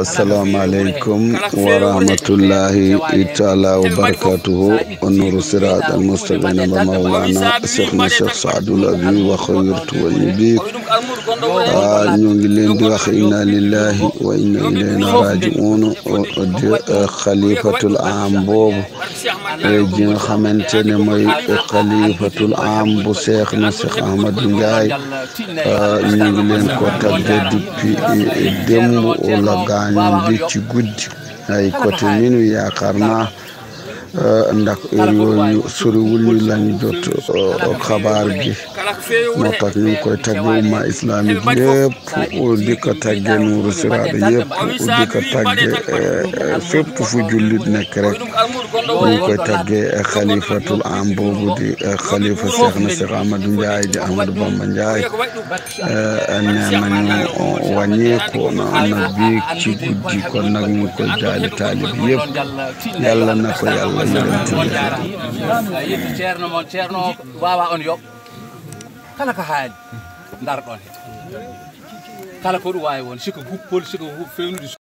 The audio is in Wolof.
السلام عليكم ورحمة الله تعالى وبركاته ونور سراد المستقيم مولانا الشيخ مشيخ سعد الأبي وخيرته ونبيك waaw ngi leen di wax inna lillahi wa inna ilayhi rajiun euh, xalifatul am boobu euh, ji nga xamante ne mooy xalifatul am bu seex na seex Ahmadou Ndiaye euh, ñu ngi leen contacté depuis démb la gaañoon bi ci guddi ay côté minu yaakaar naa Euh, ndak yooyu soriwul ñu lañu jot euh, xabaar gi moo tax ñu ngi koy tagg umma islamique yëpp di ko tàggee nuuru siraada yëpp di ko tàggee euh, fu jullit nekk rek koy tàggee xalifatul am boobu di xalifa Cheikh na Cheikh Amadou Bamba Ndiaye nee nañu wàññeeku na guddi kon nag ñu koy jaali taalib yëpp yàlla na ko yàlla a yetti ceerno moon ceerno wawa on yooɓ kala ko haali daro ɗon he kala ko ɗum wawi won siko guppol siko fewnude